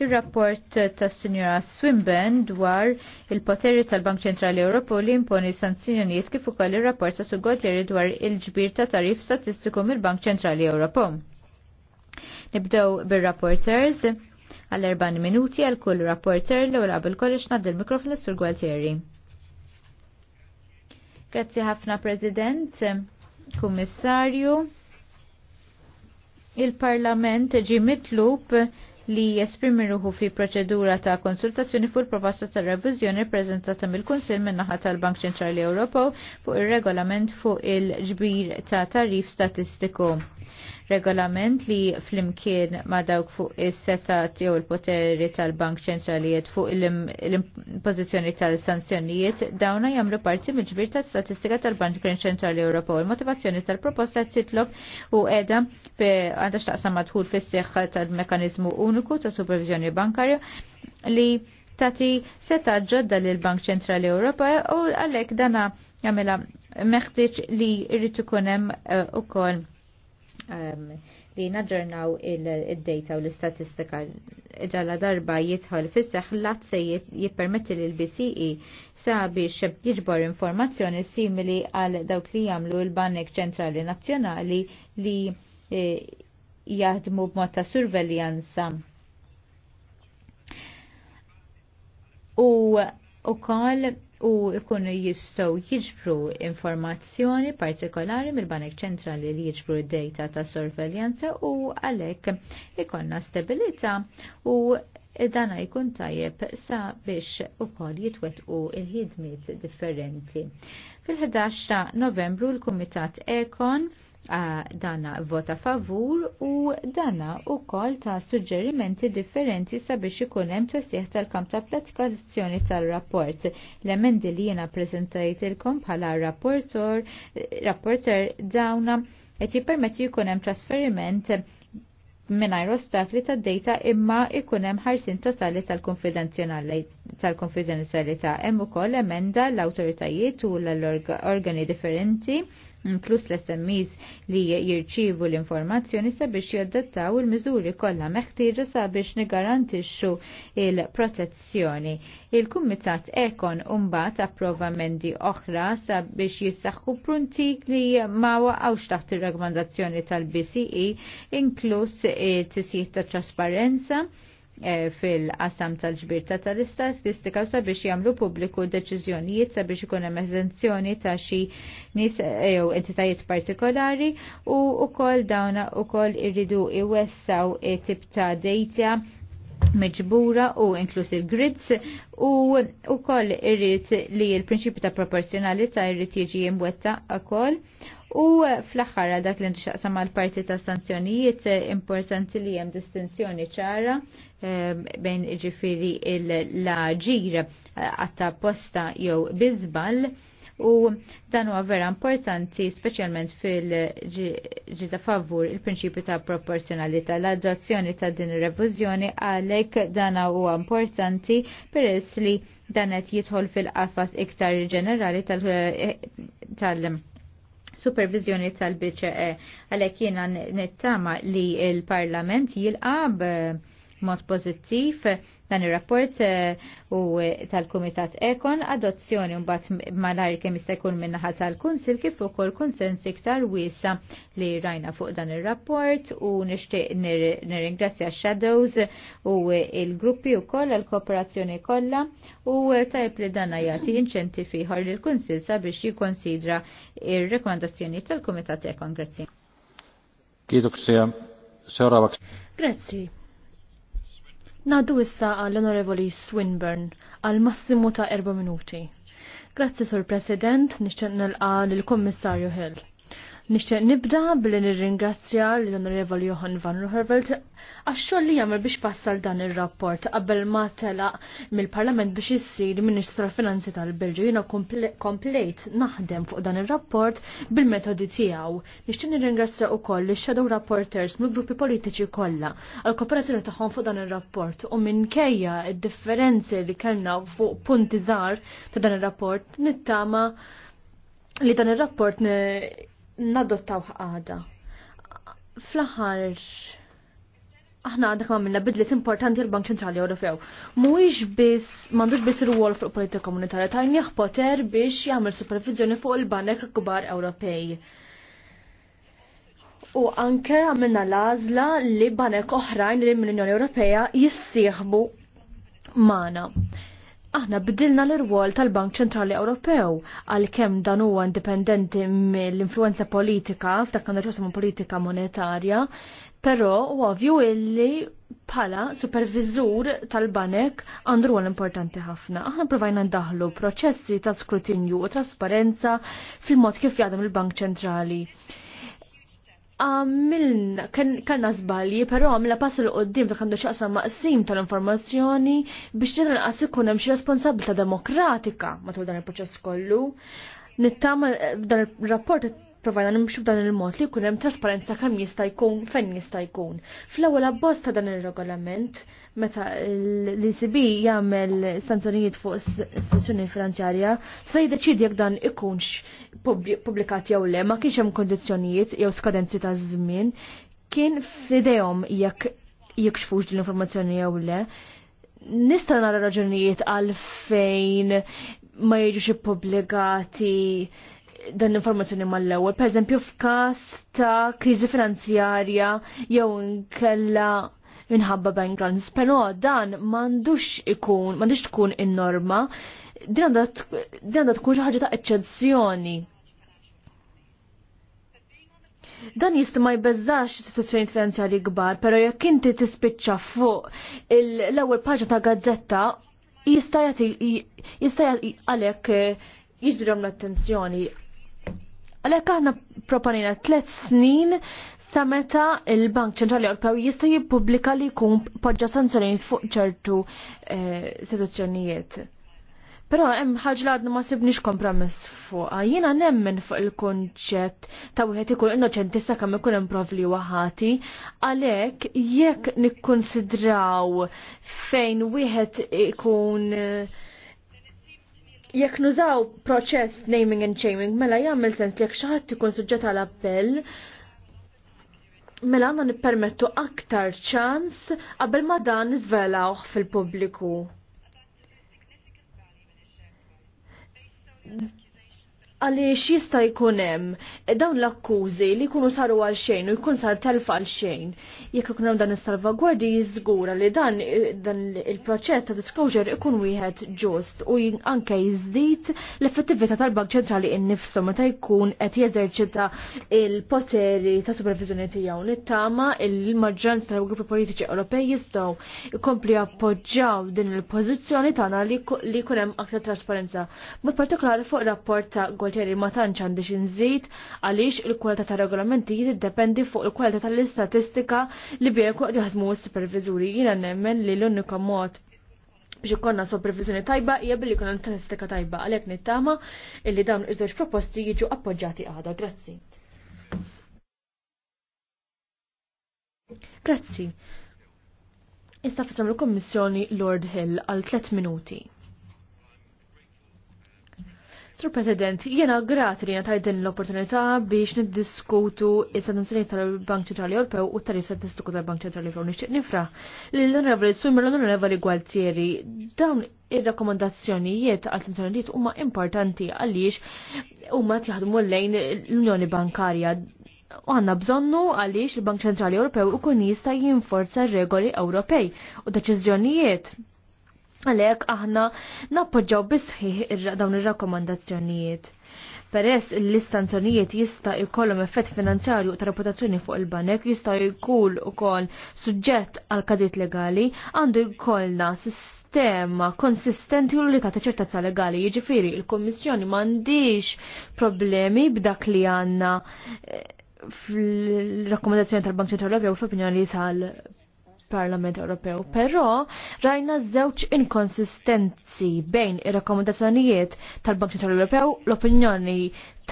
Il-rapport tas sinjora Swinburne dwar il-poteri tal-Bank Ċentrali Ewropew li imponi sanzjonijiet kif ukoll ir-rapport ta' Sugotjeri dwar il-ġbir ta' tarif statistiku mill-Bank Ċentrali Ewropew. Nibdew bir-rapporters għal erban minuti għal kull rapporter l ewwel qabel kollox nad il-mikrofon l-Sur Gualtieri. Grazzi ħafna President, Kummissarju. Il-Parlament ġi mitlub li jesprimi ruħu fi proċedura ta' konsultazzjoni fuq il-proposta ta' reviżjoni prezentata mill-Kunsill min-naħa tal-Bank Ċentrali Ewropew fuq ir-regolament fuq il-ġbir ta' tarif statistiku regolament li flimkien ma dawk fuq is-setat jew il-poteri tal-Bank Ċentralijiet fuq l-impożizzjoni tal-sanzjonijiet dawna jagħmlu parti mill-ġbir tas-statistika tal-Bank Ċentrali Ewropew. Il-motivazzjoni tal-proposta titlob u qiegħda għandha x'taqsam madħul fis seħħa tal-mekanizmu uniku ta' supervizjoni bankarja li tati seta ġodda l bank ċentrali Ewropa u għalek dana jamela meħtieġ li irrid ikun hemm eh, ukoll um, li naġġornaw il-data u l-istatistika ġalla darba jitħol fisseħ lat se jippermetti li l-BCE sabiex jiġbor informazzjoni simili għal dawk li jamlu l-Banek Ċentrali Nazzjonali li e, jaħdmu b'mod ta' surveljanza. U ukoll u ikunu jistgħu jiġbru informazzjoni partikolari mill-Banek Ċentrali li jiġbru d-data ta' sorveljanza u għalhekk ikonna stabilità u dana jkun tajjeb sa biex ukoll u il-ħidmiet differenti. Fil-11 ta' Novembru l-Kumitat Ekon dana vota favur u dana u kol ta' suġġerimenti differenti sabiex ikunem tosieħ tal-kamp ta' platikazzjoni tal-rapport. L-emendi li jena prezentajt il-kom bħala rapporter, rapporter dawna et jipermetti jikunem trasferiment minnajr ostakli ta' data imma ikunem ħarsin totali tal-konfidenzjonalità. Hemm ukoll emenda l-awtoritajiet u l-organi differenti inkluż mm, l-SMEs li jirċivu l-informazzjoni sabiex jaddattaw il-miżuri kollha meħtieġa sabiex nigarantixxu il-protezzjoni. Il-Kumitat Ekon umbat approva mendi oħra sabiex jissaħħu prunti li ma waqgħux taħt ir-rekomandazzjoni tal-BCE inkluż tisjiet ta' trasparenza E, fil-qasam tal-ġbir ta' tal-istatistika sabiex jagħmlu pubbliku deċiżjonijiet sabiex ikun hemm eżenzjoni ta' xi nies e, jew entitajiet partikolari u wkoll dawn ukoll irridu iwessaw e, tip ta' data meġbura u inklus grids u u koll irrit li l prinċipju ta' proporzjonalità irrit jiġi imwetta ukoll u fl-axħar dak li nxaqsa mal parti ta' sanzjonijiet importanti li hemm distinzjoni ċara ehm, bejn ġifiri l laġir eh, għatta posta jew bizbal u dan huwa vera importanti speċjalment fil-ġida favur il-prinċipju ta' proporzjonalità. L-adozzjoni ta' din ir-revużjoni għalhekk dan huwa importanti peress li dan qed jidħol fil-qafas iktar ġenerali tal-, tal supervizjoni tal-BCE għalhekk jiena nittama li l-Parlament jilqab mod pozittiv dan ir-rapport eh, u eh, tal-Kumitat Ekon adozzjoni mbagħad malajr kemm jista' jkun minnaħa tal-Kunsil kif ukoll konsens iktar wiesa li rajna fuq dan ir-rapport u nixtieq nirringrazzja shadows u eh, il-gruppi wkoll għall kooperazzjoni kollha u tajb li dan jagħti inċentiv ieħor lill kunsil sabiex jikkonsidra ir-rekomandazzjoni tal-Kumitat Ekon. Grazzi. Kiitoksia. Seuraavaksi. Grazie. Naddu issa għall-Onorevoli Swinburne għal massimu ta' erba' minuti. Grazzi, Sur President, nixċen nilqa l-Kommissarju Hill. Nixtieq nibda billi nirringrazzja l-Onorevol Johan van Ruhervelt għax-xogħol li jagħmel biex passal dan ir-rapport qabel ma telaq mill-Parlament biex issir Ministru Finanzi tal-Belġu jiena komplejt naħdem fuq dan ir-rapport bil-metodi tiegħu. Nixtieq nirringrazzja wkoll ix-shadow rapporters mill-gruppi politiċi kollha għall kooperazzjoni tagħhom fuq dan ir-rapport u minkejja d-differenzi li kellna fuq punti żgħar ta' dan ir-rapport nittama li dan ir rapport nadottaw ħada. Fl-aħħar aħna għandek ma minna bidliet importanti l-Bank Ċentrali Ewropew. Mhuwiex biss m'għandux biss ir fuq politika komunitarja tajn poter biex jagħmel supervizjoni fuq il-banek kbar Ewropej. U anke għamilna l-għażla li banek oħrajn li mill-Unjoni Ewropea jissieħbu mana aħna bidilna l-irwol tal-Bank Ċentrali Ewropew għal kemm dan huwa indipendenti mill-influenza politika f'dak kandu ċosam politika monetarja, però ovvju illi bħala supervizur tal-banek għandu rwol importanti ħafna. Aħna provajna ndaħlu proċessi ta' skrutinju u trasparenza fil-mod kif jadam il-Bank Ċentrali għamilna, kanna zbalji, pero għamilna pass l qoddim ta' kandu xaqsa maqsim tal-informazzjoni biex ġenra għas ikun hemm xi responsabilità demokratika matul dan il-proċess kollu. Nittama eh, dan il-rapport provajna nimxu b'dan il-mod li jkun hemm trasparenza kemm jista' jkun fejn jista' jkun. Fl-ewwel bost ta' dan ir-regolament meta l-ECB jagħmel sanzjonijiet fuq istituzzjoni finanzjarja se jiddeċidi jekk dan ikunx pubblikat jew le ma kienx hemm kondizzjonijiet jew skadenzi ta' żmien kien f'idejhom jekk jikxfux din l-informazzjoni jew le. Nista' nara raġunijiet għal fejn ma jiġux ippubblikati dan l-informazzjoni mal-ewwel, pereżempju f'każ ta' kriżi finanzjarja jew nkella minħabba bank runs, però dan m'għandux ikun, m'għandux tkun in-norma, din għandha tkun xi ħaġa ta' eċċezzjoni. Dan jista' ma jbeżax istituzzjoni finanzjarji kbar, però jekk inti tispiċċa fuq l-ewwel paġa ta' gazzetta jista' jagħti jista' għalhekk jiġbidhom l-attenzjoni Għalhekk aħna proponina tliet snin sa meta il-Bank Ċentrali Ewropew jista' jippubblika li jkun poġġa sanzjonijiet fuq ċertu eh, situazzjonijiet. Però hemm ħaġa għadna ma sibniex kompromess fuqha. Jiena nemmen fuq il-kunċett ta' wieħed ikun innoċenti sakemm ikun hemm prov li waħati, għalhekk jekk nikkonsidraw fejn wieħed ikun uh, jekk nużaw proċess naming and shaming, mela jagħmel sens li jekk xi ħadd ikun suġġett għal appell, mela għandna nippermettu aktar ċans qabel ma dan nizvelawħ fil-pubbliku għaliex jista' jkun hemm dawn l-akkużi li jkunu saru għal xejn u jkun sar telfa għal xejn. Jekk ikun hemm dan is-salvagwardi jiżgura li dan dan il-proċess ta' disclosure ikun wieħed ġust u anke jiżdid l-effettività tal-Bank Ċentrali innifsu meta jkun qed jeżerċita il-poteri ta' supervizjoni tiegħu nittama il-maġġoranza tal-gruppi politiċi Ewropej jistgħu jkompli appoġġjaw din il-pożizzjoni tagħna li jkun hemm aktar trasparenza. Mod partikolari fuq rapport ta' rapporteri ma tantx għandi inżid għaliex il-kwalità tar-regolamenti tiddependi fuq il-kwalità tal-istatistika li bieku qed jaħdmu s-supervizuri jiena nemmen li l-unika mod biex ikonna supervizjoni tajba hija billi jkun statistika tajba għalhekk nittama illi dawn iż-żewġ proposti jiġu appoġġjati għada. Grazzi. Grazzi. Issa fisam il-Kommissjoni Lord Hill għal 3 minuti. Sur President, jena grat li jena din l-opportunità biex niddiskutu il-sanzjoni tal-Bank Ċentrali Ewropew u tarif statistiku tal-Bank Ċentrali Ewropew nixtieq nifra l-Onorevoli Swimmer l-Onorevoli Gualtieri dawn ir-rakkomandazzjonijiet għal sanzjonijiet huma importanti għaliex huma tjaħdmu lejn l-Unjoni Bankarja u għanna bżonnu għaliex il-Bank Ċentrali Ewropew ukun jista' jinforza regoli Ewropej u deċiżjonijiet Għalek aħna nappoġġaw bisħiħ dawn ir-rakkomandazzjonijiet. Peress l-istanzjonijiet jista' jkollhom effett finanzjarju ta' reputazzjoni fuq il-banek jista' jkun ukoll suġġett għal kadit legali għandu jkollna sistema konsistenti u li ta' ċertezza legali. Jiġifieri il-Kummissjoni m'għandix problemi b'dak li għandna eh, fil-rakkomandazzjoni tal-Bank Ċentrali Ewropew fl-opinjoni sal mill-Parlament Ewropew, però rajna żewġ inkonsistenzi bejn ir-rakkomandazzjonijiet tal-Bank Ċentrali Ewropew, l-opinjoni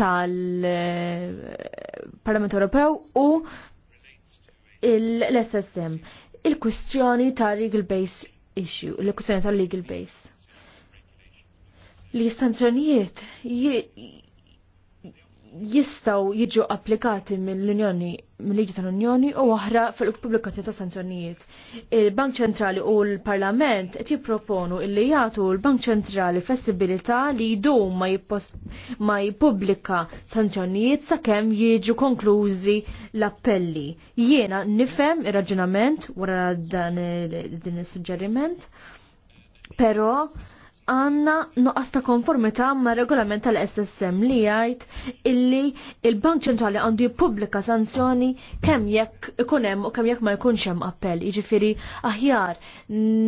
tal-Parlament Ewropew u l-SSM. Il-kwistjoni ta' legal base issue, l kwistjoni tal-legal base. Li stanzjonijiet jistaw jiġu applikati mill-Unjoni mill-Liġi tal-Unjoni u oħra fil pubblikati ta' sanzjonijiet. Il-Bank Ċentrali u l-Parlament qed jipproponu li jagħtu l-Bank Ċentrali flessibilità li jdum ma jippubblika sanzjonijiet sakemm jiġu konklużi l-appelli. Jiena nifhem ir-raġunament wara dan din is-suġġeriment, però għanna nuqasta ta' konformità ma' regolament tal-SSM li jgħid illi il-Bank ċentrali għandu jippubblika sanzjoni kemm jekk ikun hemm u kemm jekk ma jkunx hemm appell. Jiġifieri aħjar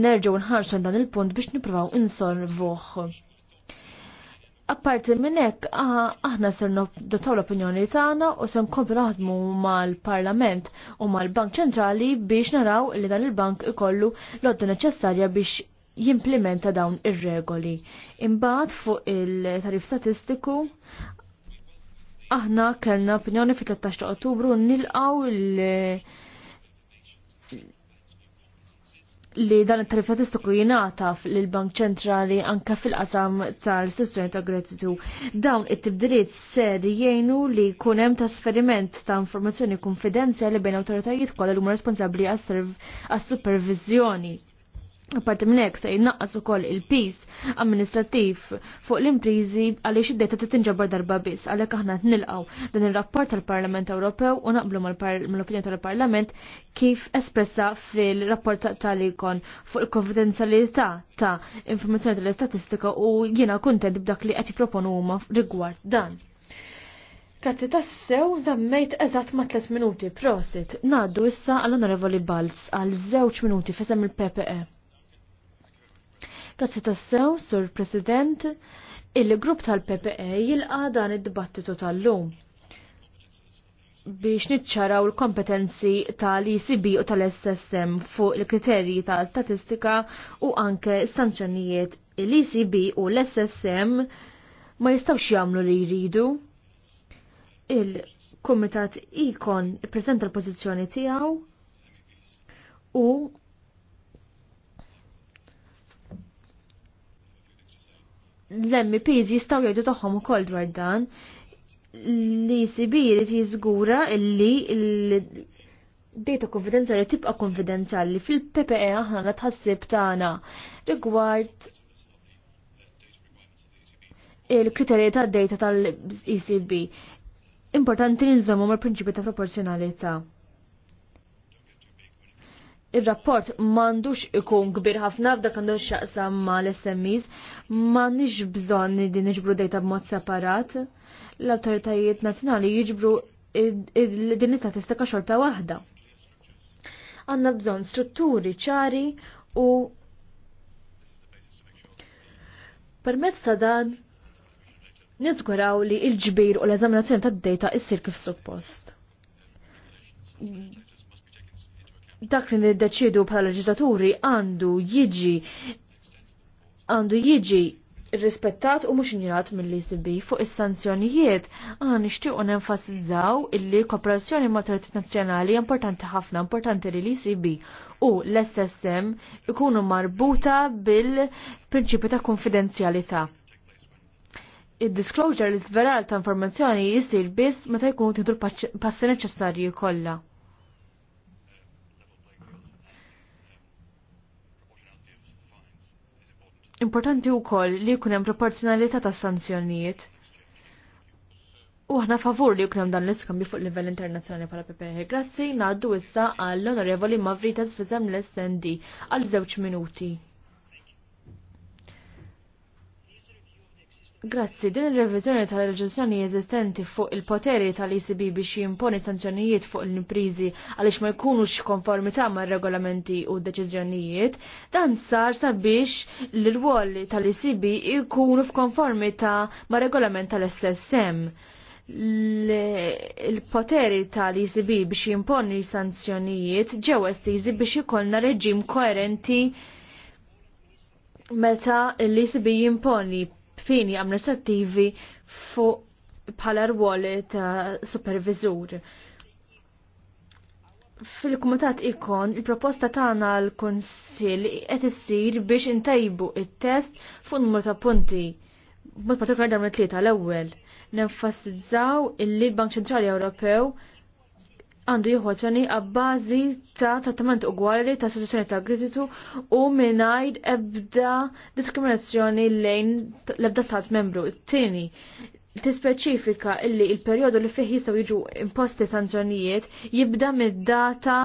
nerġgħu nħarsu dan il-punt biex nippruvaw insolvuh. Apparti minn hekk aħna ser dotaw l-opinjoni tagħna u se nkomplu naħdmu mal-Parlament u mal-Bank Ċentrali biex naraw li dan il-bank ikollu l-odda neċessarja biex jimplementa dawn ir-regoli. Imbagħad fuq il-tarif statistiku aħna kellna opinjoni fit-13 ta' Ottubru l li dan it-tarif statistiku jingħata lil bank Ċentrali anke fil-qasam tal-istituzzjoni ta' gratitu. Dawn it-tibdiliet ser jgħinu li jkun hemm trasferiment ta' informazzjoni konfidenzjali bejn awtoritajiet kollha li huma responsabbli għas-supervizjoni. Apparti minn hekk se jnaqqas ukoll il-pis amministrattiv fuq l-imprizi għaliex id t-tinġabar darba biss għalhekk aħna t-nilqaw dan ir-rapport tal-Parlament Ewropew u naqblu mal-opinjoni tal-Parlament kif espressa fil-rapport tal-ikon fuq il konfidenzialità ta' informazzjoni tal-istatistika u jiena kontent b'dak li qed jipproponu huma rigward dan. Grazzi tassew zammejt eżatt ma' 3 minuti prosit. Naddu issa għall-Onorevoli Balz għal żewġ minuti fisem il-PPE. Grazzi tassew, Sur President, il-grupp tal-PPE jilqa dan id-dibattitu tal-lum biex nitċaraw l-kompetenzi tal-ECB u tal-SSM fuq il-kriterji ta' statistika u anke stanzjonijiet l-ECB u l-SSM ma jistawx jagħmlu li jridu. Il-Kumitat ikon ippreżenta l-pożizzjoni tiegħu u l-MPs jistaw jgħidu tagħhom ukoll dwar dan li e sibir jiżgura li data konfidenzjali tibqa konfidenzjali fil-PPE aħna tħassib tagħna rigward il-kriterji ta' data tal-ECB. Importanti nilżommu mal-prinċipju ta' proporzjonalità il-rapport mandux ikun kbir ħafna f'dak għandu xaqsam ma l-SMEs, ma nix bżon li nġbru dejta b'mod separat. L-autoritajiet nazzjonali jiġbru din statistika xorta waħda. Għanna bżon strutturi ċari u permezz ta' dan nizguraw li il-ġbir u l-eżaminazzjoni tad-dejta issir kif suppost dak li niddeċidu bħala leġizaturi għandu jiġi għandu jiġi rispettat u mhux njirat mill-ECB fuq is-sanzjonijiet għan nixtiequ nenfasizzaw illi kooperazzjoni ma' tratti nazzjonali importanti ħafna importanti li l-ECB u l-SSM ikunu marbuta bil-prinċipi ta' konfidenzjalità. Id-disclosure l izveral ta' informazzjoni jisir biss meta jkunu tieħdu l-passi neċessarji kollha. Importanti wkoll li jkun hemm proporzjonalità tas sanzjonijiet. U aħna favur li jkun hemm dan l-iskambju fuq livell internazzjonali bħala PPH. E. Grazzi, ngħaddu issa għall-Onorevoli Mavrita fizem l-SND għal żewġ minuti. Grazzi, din ir-reviżjoni tal-leġiżjoni eżistenti fuq il-poteri tal-ECB biex jimponi sanzjonijiet fuq l-imprizi għaliex ma jkunux konformità ma' regolamenti u deċiżjonijiet, dan sar sabiex l-rwol tal-ECB jkunu f'konformità ma' regolament tal-SSM. Il-poteri tal-ECB biex jimponi sanzjonijiet ġew estiżi biex jkollna reġim koerenti meta l-ECB jimponi fini amministrativi fuq bħala rwoli ta' supervizur. Fil-Kumitat ikon, il-proposta tagħna l-Konsil qed issir biex intajbu it-test fuq numru ta' punti. Mod partikolari dawn it-tlieta l-ewwel. Nenfasizzaw illi l-Bank Ċentrali Ewropew għandu jħuħazzjoni għabbażi ta' trattament ugwali ta' situazzjoni ta' kreditu u minajr ebda diskriminazzjoni lejn l-ebda stat membru. Tini, tispeċifika illi il-periodu li fih jistaw jiġu imposti sanzjonijiet jibda mid-data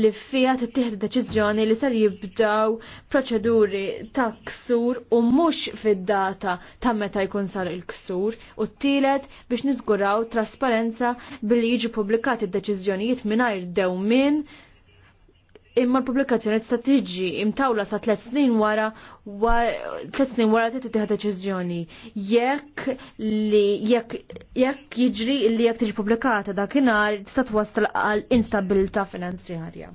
li fija tittieħed deċiżjoni li ser jibdaw proċeduri ta' ksur u mhux fid-data ta' meta jkun sar il-ksur u t-tielet biex niżguraw trasparenza billi jiġu pubblikati d-deċiżjonijiet mingħajr dewmin imma l-pubblikazzjoni tista' tiġi imtawla sa tliet snin wara tliet snin wara trid tieħu deċiżjoni. Jekk li jekk jekk jiġri li jekk tiġi pubblikata dakinhar tista' twassal għal instabilità finanzjarja.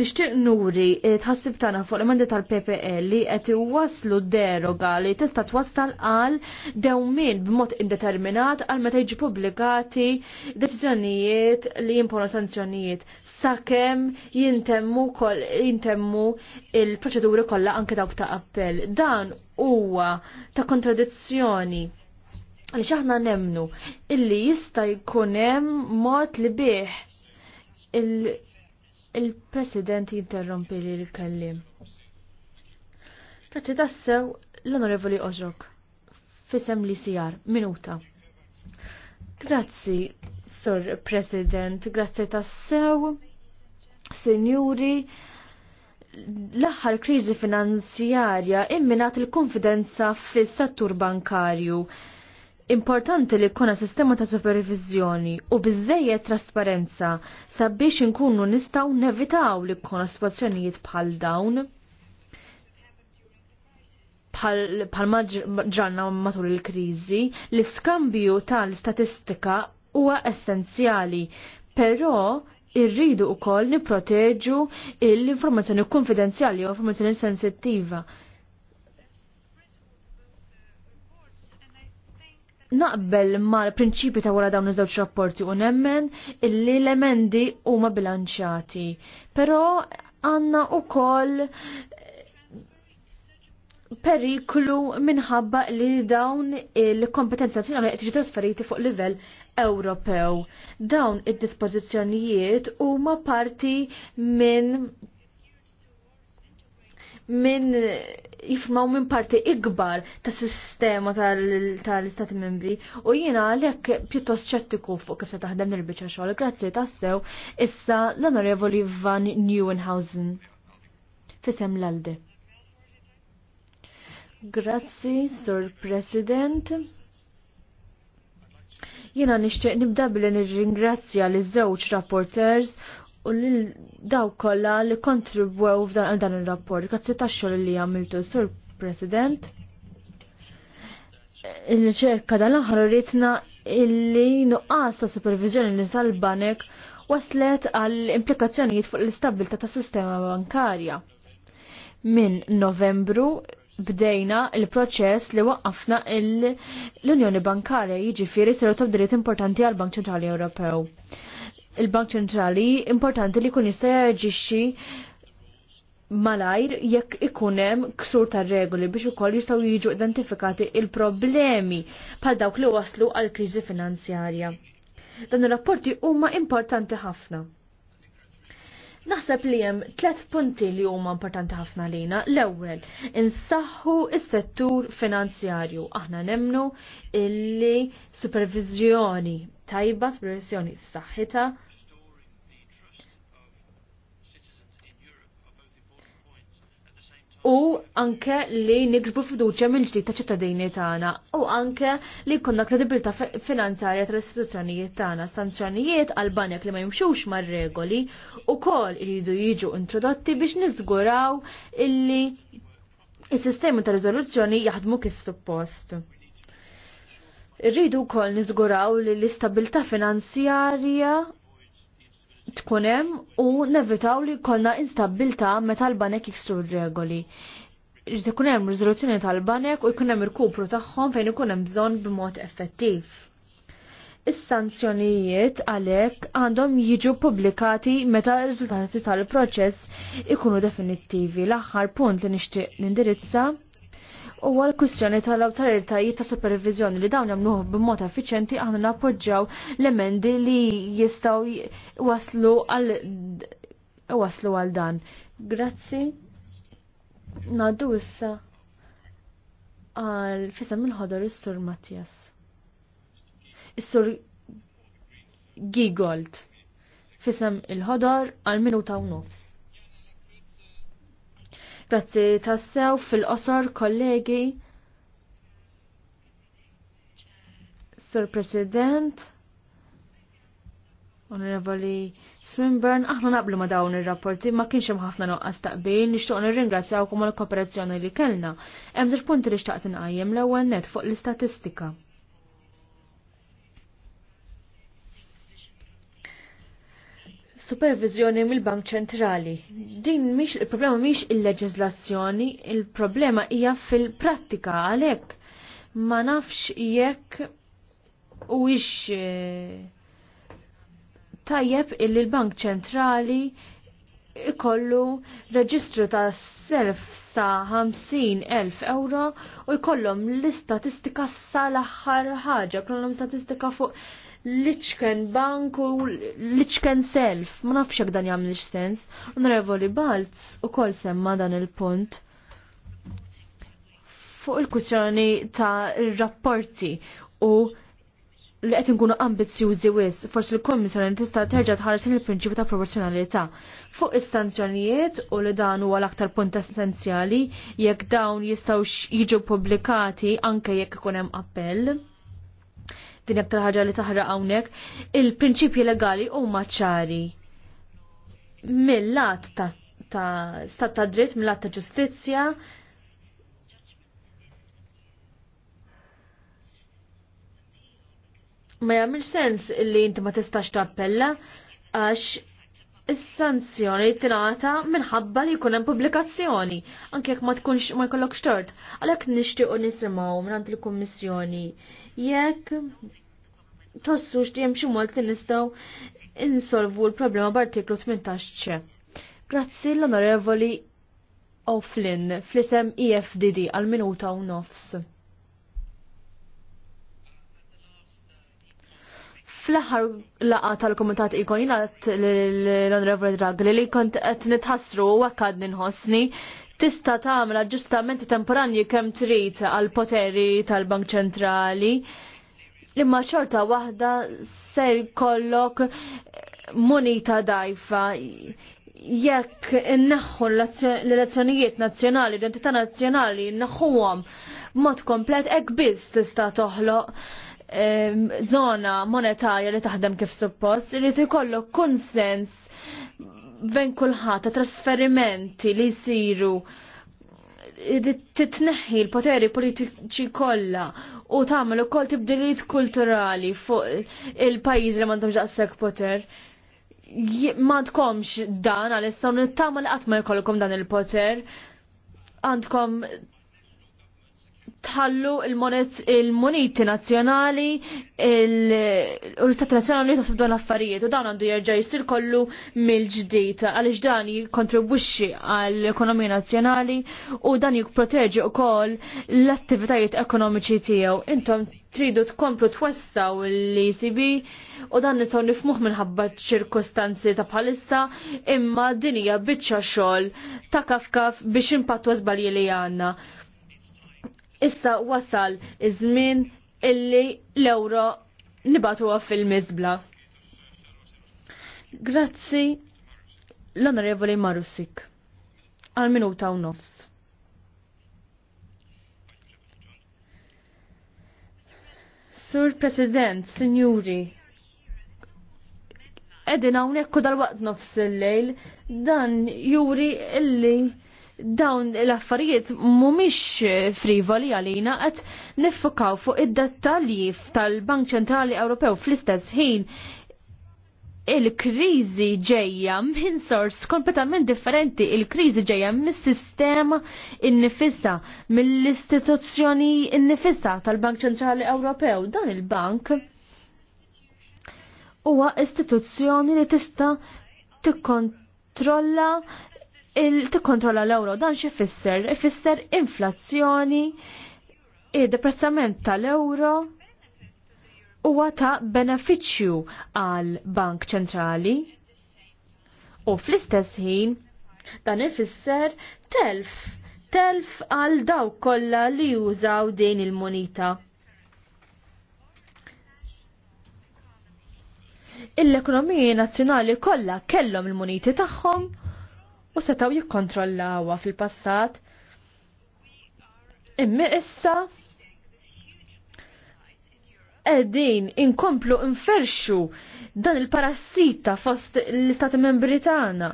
Nixtieq nuri tħassib tagħna fuq l mandi tal ppl li qed iwasslu deroga li tista' twassal għal dewmien b'mod indeterminat għal meta jiġi pubblikati deċiżjonijiet li jimponu sanzjonijiet Sakem jintemmu kol jintemmu il-proċeduri kollha anke dawk ta' appell. Dan huwa ta' kontradizzjoni li xaħna nemnu illi jista jkunem mod li il- Il-President jinterrompi li l-kellim. Grazzi tassew l-Onorevoli Oġok. Fisem li sijar, minuta. Grazzi, Sir President, grazzi tassew, Signuri, l-aħħar kriżi finanzjarja imminat il-konfidenza fis-settur bankarju importanti li kuna sistema ta' supervizjoni u bizzeje trasparenza sabiex inkunu nistaw nevitaw li kuna situazzjonijiet bħal dawn bħal maġġanna matul il-krizi l-iskambju tal-statistika huwa essenzjali però irridu u koll niproteġu l-informazzjoni konfidenzjali u informazzjoni sensittiva naqbel mal-prinċipi ta' wara dawn iż-żewġ rapporti u nemmen illi l-emendi huma bilanċjati. Però għandna ukoll eh, periklu minħabba li dawn il-kompetenza nazzjonali qed trasferiti fuq livell Ewropew. Dawn id-dispożizzjonijiet huma parti minn minn jifmaw minn parti ikbar ta' sistema tal-istati membri u jiena għalhekk pjuttost ċettiku fuq kif se taħdem il-biċċa xogħol. Grazzi tassew issa l-Onorevoli Van Newenhausen. Fisem l-Alde. Grazzi, Sur President. Jiena nixtieq nibda billi nirringrazzja li żewġ rapporters u lil daw kollha li kontribwew f'dan dan ir-rapport. Grazzi ta' xol li għamiltu sur President. Il-riċerka dal-aħħar rritna illi nuqqas ta' supervizjoni li salbanek waslet għall implikazzjonijiet fuq l-istabilta ta' sistema bankarja. Min Novembru bdejna il-proċess li waqqafna l-Unjoni Bankarja jiġifieri seru tabdiliet importanti għal Bank Ċentrali Ewropew il-Bank Ċentrali importanti li kun jista' jaġixxi malajr jekk ikunem ksur tar regoli biex ukoll jistgħu jiġu identifikati il-problemi bħal dawk li waslu għal kriżi finanzjarja. Dan ir-rapporti huma importanti ħafna. Naħseb li hemm tliet punti li huma importanti ħafna lina. L-ewwel, insaħħu s-settur finanzjarju. Aħna nemnu illi supervizjoni tajba, supervizjoni f'saħħitha, u anke li nikġbu fiduċja mill-ġdid ta' ċittadini tagħna u anke li jkunna kredibilità finanzarja tal-istituzzjonijiet tagħna, sanzjonijiet għal banek li ma jimxux mar-regoli kol iridu jiġu introdotti biex niżguraw illi is-sistemi ta' riżoluzzjoni jaħdmu kif suppost. Irridu wkoll niżguraw li l-istabilta finanzjarja tkunem u nevitaw li kolna instabilta meta l-banek jikstru regoli. Irrid ikun hemm riżoluzzjoni tal-banek u jkun hemm il-kupru tagħhom fejn ikun hemm bżonn b'mod effettiv. Is-sanzjonijiet għalhekk għandhom jiġu publikati meta r-riżultati tal-proċess ikunu definittivi. L-aħħar punt li nixtieq nindirizza u għal kwistjoni tal-awtoritajiet ta' supervizjoni li dawn jagħmluh b'mod effiċenti aħna nappoġġjaw l-emendi li jistgħu waslu għal waslu għal dan. Grazzi. Naddu issa għal fisem il-ħodor is-Sur Mattias. Is-Sur Gigold. Fisem il-ħodor għal minuta u nofs. Grazzi tassew fil-qosor kollegi. Sir President, Onorevoli Swinburne, aħna naqblu ma dawn ir-rapporti ma kienx hemm ħafna noqqas taqbil, nixtieq nirringrazzjawkom għall kooperazzjoni li kellna. Hemm żewġ punti li xtaqt inqajjem l-ewwel net fuq l-istatistika. supervizjoni mill-Bank Ċentrali. Din miex, il-problema miex il-leġizlazzjoni, il-problema hija fil-prattika għalhekk. Ma nafx jekk u ix eh, tajjeb illi l-Bank Ċentrali ikollu reġistru ta' self sa' 50.000 euro u jkollhom l-istatistika sa' l-aħħar ħaġa, kollhom statistika fuq liċken bank u liċken self. Ma nafx jekk dan jagħmel sens. Onorevoli Balz ukoll semma dan il-punt fuq il-kwistjoni ta' rapporti u li qed inkunu ambizzjużi wis, forsi l kummissjoni tista' terġa' tħares il-prinċipju ta' proporzjonalità fuq istanzjonijiet u li dan huwa l-aktar punt essenzjali jekk dawn jistgħu jiġu pubblikati anke jekk ikun hemm appell din aktar ħaġa li taħra hawnhekk, il-prinċipji legali huma ċari. Mill-lat ta' ta' stat ta' dritt, mill-lat ta' ġustizzja, ma jagħmel sens li inti ma tistax tappella għax is-sanzjoni tingħata minħabba li jkun hemm pubblikazzjoni anke jekk ma tkunx ma jkollok xtort. Għalhekk nixtiequ nisimgħu mingħand il-Kummissjoni jekk tossux li hemm xi mod li nistgħu insolvu l-problema b'artiklu 18 ċe. Grazzi l-Onorevoli O'Flynn fl-isem EFDD għal minuta u nofs. Fl-aħħar laqa tal-Komitat Ikon jingħat l honorable Dragli li kont qed nitħassru u għakad ninħosni tista' tagħmel aġġustamenti temporanji kemm trid għal poteri tal-Bank Ċentrali imma xorta waħda ser kollok munita dajfa jekk inneħħu l-elezzjonijiet nazzjonali, identità nazzjonali, inneħħuhom mod komplet hekk biss tista' toħloq zona monetarja li taħdem kif suppost, irid ikollok konsens ven kulħat ta' trasferimenti li jsiru titneħħi l-poteri politiċi kollha u tagħmel ukoll tibdiliet kulturali fuq il-pajjiż li m'għandhomx daqshekk poter. Ma tkomx dan għalissa u nittama li qatt ma jkollkom dan il-poter. Għandkom tħallu il-moniti nazjonali, l-Unitat Nazjonali ta' f'dan l-affarijiet u dan għandu jerġa' jisir kollu mill-ġdid għaliex dan jikkontribwixxi għall-ekonomija nazzjonali u dan jipproteġi wkoll l-attivitajiet ekonomiċi tiegħu. Intom tridu tkomplu twessaw l-ECB u dan nistgħu nifmuh minħabba ċirkostanzi ta' bħalissa imma dinija biċċa xogħol ta' kafkaf biex impattu żbalji li għandna. Issa wasal iż-żmien illi l-euro nibatuha fil-miżbla. Grazzi l-Onorevoli Marusik għal minuta u nofs. Sur President, Signuri, edin għawnek dal-waqt nofs il-lejl, dan juri illi dawn l-affarijiet mumiex frivoli għalina għat niffokaw fuq id-dettalji tal-Bank Ċentrali Ewropew fl-istess ħin il-krizi ġejja minn sors kompletament differenti, il-krizi ġejja mis-sistema innifissa, mill-istituzzjoni innifissa tal-Bank Ċentrali Ewropew. Dan il-bank huwa istituzzjoni li tista' tikkontrolla il-tikkontrolla l-euro dan xie fisser? Ifisser inflazzjoni, id-deprezzament tal-euro huwa ta' benefiċċju għal Bank Ċentrali. U fl-istess ħin dan ifisser telf, telf għal daw kollha li jużaw din il-monita. Il-ekonomiji nazzjonali kollha kellhom il-muniti tagħhom u setaw jikkontrollawha fil-passat. Imma issa qegħdin inkomplu nferxu dan il-parassita fost l-Istati Membri tagħna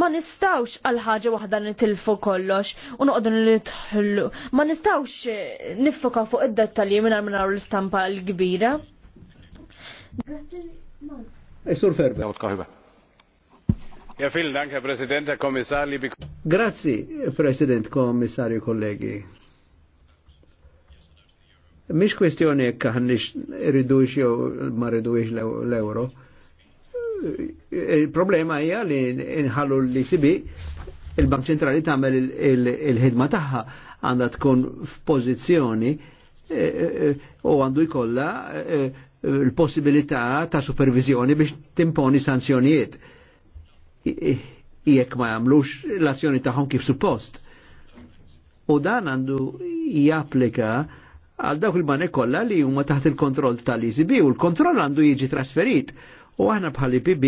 ma nistawx għal ħaġa waħda nitilfu kollox u noqdu nitħlu. Ma nistawx nifoka fuq id-dettalji minn minn l-istampa l-kbira. Grazzi. Isur ferba. Grazzi, President, Kommissarju, kollegi. Mish kwestjoni jekk ħannix ridux jew ma ridux l-euro. E, il-problema hija li nħallu l-ECB il-Bank Centrali tagħmel il-ħidma tagħha għandha tkun f'pożizzjoni e, e, u għandu jkollha l-possibilità ta' supervizjoni biex timponi sanzjonijiet jekk ma jagħmlux l-azzjoni tagħhom kif suppost. U dan għandu japplika għal dawk il-banek kollha li huma taħt il-kontroll tal isb u l-kontroll għandu jiġi trasferit u aħna bħal IPB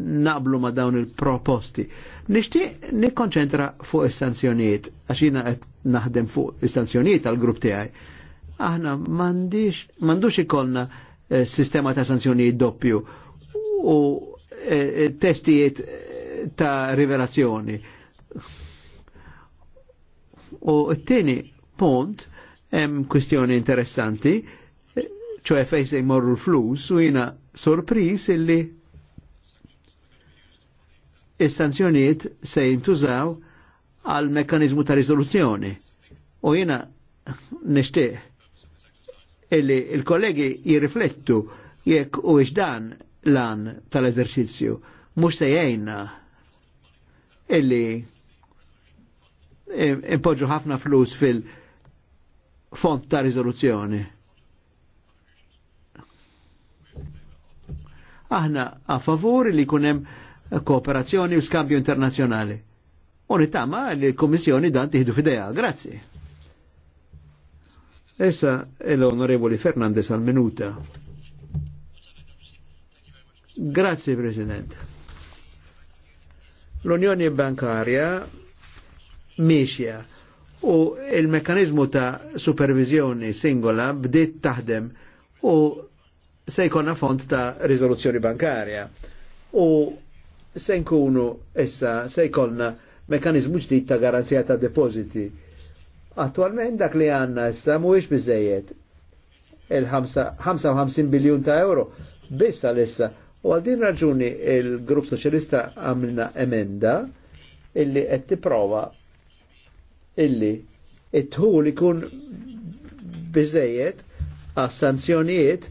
naqblu ma dawn il-proposti. Nixtieq nikkonċentra fuq is-sanzjonijiet għax jiena qed naħdem fuq is-sanzjonijiet għall-grupp tiegħi. Aħna m'għandix m'għandux ikollna eh, sistema ta' sanzjonijiet doppju u Eh, eh, testijiet eh, ta' rivelazzjoni. U t tini punt hemm kwistjoni interessanti, ċoħe fej se jmorru l-flus u jina sorpris illi il-sanzjoniet se jintużaw għal mekanizmu ta' rizoluzzjoni. U jina nishtiq illi il-kollegi jirriflettu jekk u iġdan lan tal-eżerċizzju. Mux sejjajna illi impoġu ħafna flus fil-font ta' rizoluzzjoni. Aħna a favur li kunem kooperazzjoni u skambju internazzjonali. Unitama li l-Komissjoni dan tiħdu fideja. Grazzi. Essa l-Onorevoli Fernandez al minuta. Grazie President. L-Unjoni Bankarja miexja u il-mekanizmu ta' supervizjoni singola bdiet taħdem u se jkonna font ta' rizoluzzjoni bankarja. U se nkunu issa se jkonna mekanizmu ġdid ta' garanzija ta' depositi. Attualment dak li għanna issa mhuwiex biżejjed il-55 biljun ta' euro biss għal issa U għal din raġuni il-Grupp Soċjalista għamilna emenda illi qed tipprova illi it-tħul ikun biżejjed għas sanzjonijiet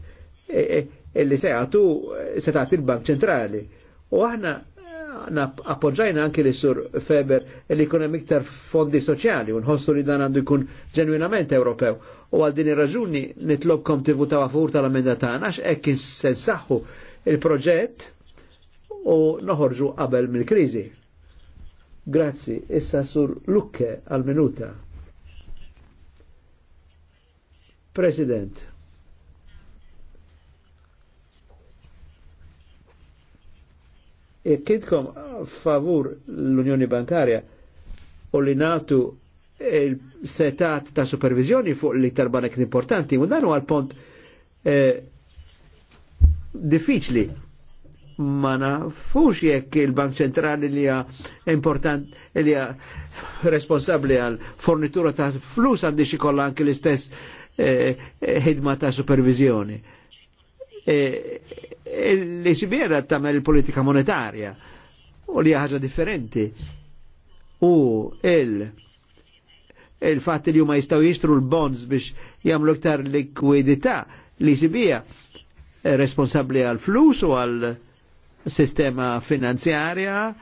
e, e, illi se għatu se tagħti l-Bank Ċentrali. U aħna appoġġajna anki li sur Feber illi kun hemm iktar fondi soċjali u nħossu li dan għandu jkun ġenwinament Ewropew. U għal din ir-raġuni nitlobkom tivutaw favur tal-amenda tagħna għax hekk insensaħħu il-proġett u noħorġu qabel mill-kriżi. Grazzi, issa sur Lukke għal-minuta. President. Ikkidkom favur l-Unjoni Bankarja u li natu il-setat ta' supervizjoni fuq li tarbanek importanti, u għal-pont eh, diffiċli ma nafux jekk il-Bank Ċentrali li hija important li hija responsabbli għal fornitura ta' flus xi kollha anke l-istess eh, ħidma ta' supervizjoni. Eh, e, L-ECB tagħmel il-politika monetarja u li ħaġa differenti. U il- il-fatt li huma jistgħu jixtru l-bonds biex jagħmlu iktar likwidità li sibija responsabli għal flus u għal sistema finanzjarja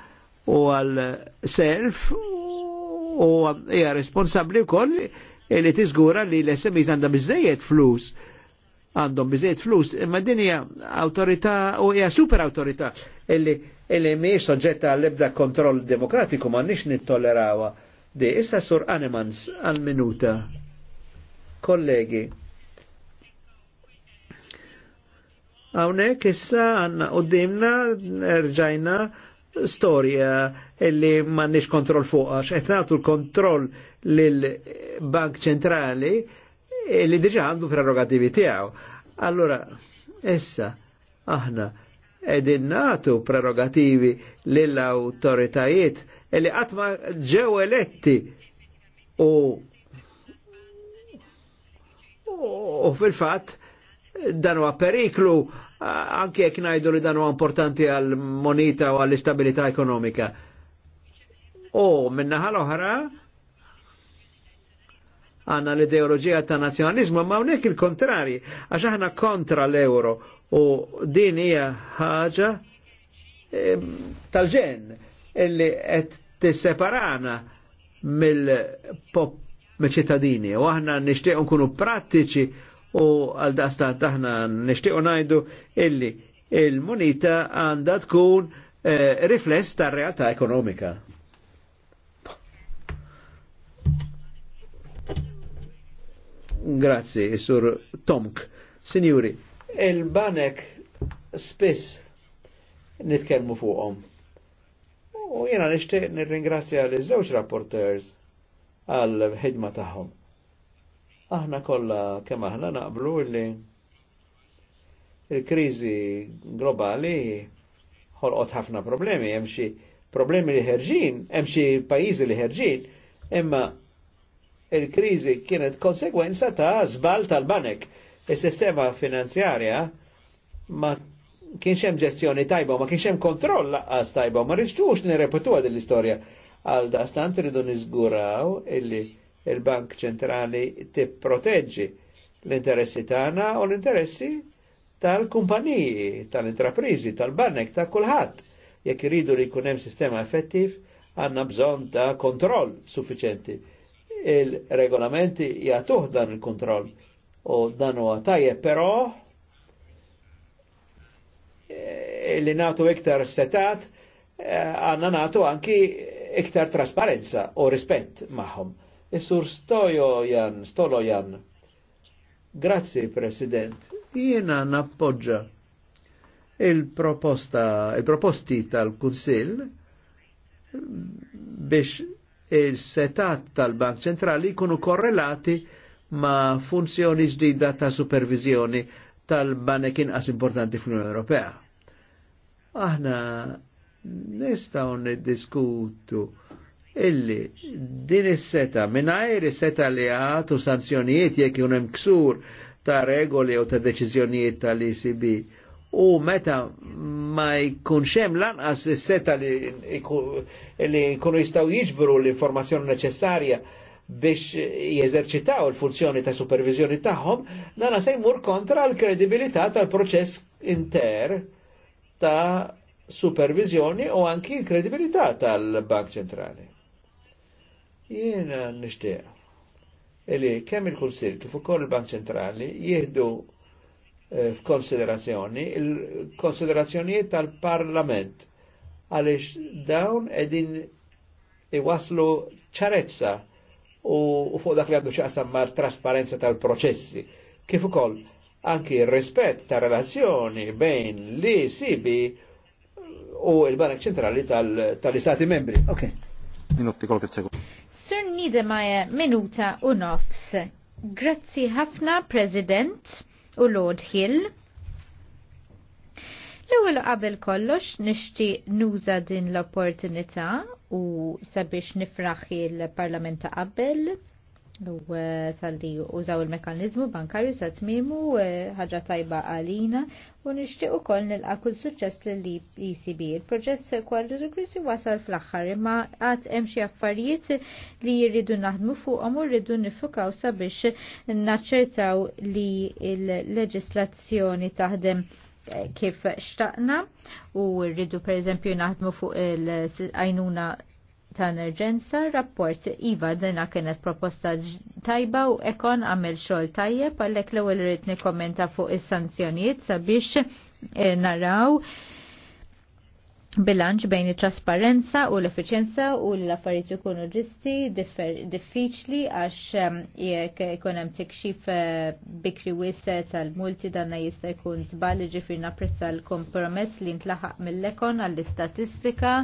u għal self u hija responsabli wkoll li tiżgura li l-SMEs għandha biżejjed flus għandhom biżejjed flus, imma din hija awtorità u hija super awtorità illi illi mhijiex soġġetta għal ebda kontroll demokratiku m'għandniex nittollerawha. Di issa sur Animans għal minuta. Kollegi, Għawnek issa għanna u dimna rġajna storja illi mannix kontrol fuqa, xeħtnatu l kontrol l-Bank ċentrali illi diġa għandu prerogativi tijaw. Allora, issa, aħna, edin natu prerogativi l-autoritajiet illi għatma ġew eletti u u fil-fat dan huwa periklu anke jekk ngħidu li dan huwa importanti għal monita u għall istabilità ekonomika. U minnaħa l-oħra għanna l-ideologija ta' nazjonalizmu, ma' unek il-kontrari, għax aħna kontra l-euro u din hija ħaġa tal-ġen illi qed tisseparana mill-pop mill-ċittadini u aħna nixtieq nkunu prattiċi u għal dasta taħna nishtiqo najdu illi il-munita għanda tkun eh, rifless tar realtà ekonomika. Grazzi, sur Tomk. Signori, il-banek spiss nitkelmu fuqhom. U jena nishtiq nirringrazzja l-żewġ rapporters għal ħidma tagħhom. Aħna kollha kemm aħna naqblu li il-kriżi globali ħolqot ħafna problemi, hemm xi problemi li ħerġin, hemm xi pajjiżi li ħerġin, imma il-kriżi kienet konsegwenza ta' żbal tal-banek. Is-sistema finanzjarja ma kienx hemm ġestjoni tajba, ma kienx hemm kontroll laqqas tajba, ma rixtux nirrepetuha din l-istorja. Għal daqstant irridu nizguraw illi il-Bank ċentrali tipproteġġi l-interessi tagħna u l-interessi tal-kumpaniji, tal-intraprizi, tal banek ta' kulħadd. Jekk iridu li jkun hemm sistema effettiv, għandna bżonn ta' kontroll suffiċenti. Il-regolamenti jagħtuh dan il-kontroll u dan huwa tajjeb però eh, li nagħtu iktar setat eh, għandna nagħtu anki iktar trasparenza u rispett magħhom. Isur Stojojan, Stolojan. Grazzi, President. Jiena nappoġġa il-proposta, il-proposti tal-Kunsil biex il-setat tal-Bank Centrali jkunu korrelati ma' funzjoni ġdida ta' supervizjoni tal banekin as importanti fl-Unjoni Ewropea. Aħna nistgħu niddiskutu illi din is-seta mingħajr is-seta li għatu sanzjonijiet jekk hemm ksur ta' regoli u ta' deċiżjonijiet tal-ECB u meta ma jkunx hemm lanqas is-seta li jkunu jistgħu jiġbru l-informazzjoni neċessarja biex jeżerċitaw il-funzjoni ta' supervizjoni tagħhom, nana se jmur kontra l-kredibilità tal-proċess inter ta' supervizjoni u anki l-kredibilità tal-Bank Ċentrali. Jiena nishtiq. Eli kemm il-Kunsill kif ukoll il-Bank Ċentrali jieħdu eh, f'konsiderazzjoni il-konsiderazzjonijiet tal-Parlament għaliex dawn edin iwaslu ċarezza u fuq dak li għandu xaqsam ma' trasparenza tal-proċessi. Kif ukoll anki rispett ta' relazzjoni bejn li sibi u il-Bank Ċentrali tal-Istati tal Membri. Ok. Minuti kol segwu. Nidema'ja minuta u nofs. Grazzi ħafna, President u Lord Hill. L-ewwel qabel kollox nixtieq nuża din l-opportunità u sabiex nifraħ il-Parlament ta' qabel u eh, tal-li użaw il-mekanizmu bankarju sa tmimu eh, ħaġa tajba għalina u nixtieq ukoll nilqa' kull suċċess li ECB. Il-proċess kwallu rigrisi wasal fl-aħħar imma qatt hemm xi affarijiet li jirridu naħdmu fuqhom u rridu nifukaw sabiex naċċertaw li l-leġislazzjoni taħdem eh, kif xtaqna u rridu pereżempju naħdmu fuq il-għajnuna ta' emerġenza, rapport Iva dena kienet proposta tajba u ekon għamil xol tajjeb għallek l ewwel rrit nikommenta fuq is-sanzjonijiet sabiex e, naraw bilanċ bejn it-trasparenza u l-efficienza u l-affarijiet ikunu ġisti diffiċli għax ehm, jekk ikun hemm tikxif eh, bikri wiset eh, tal-multi danna jista' jkun żball ġifier napprezza l-kompromess li ntlaħaq mill-ekon għall-istatistika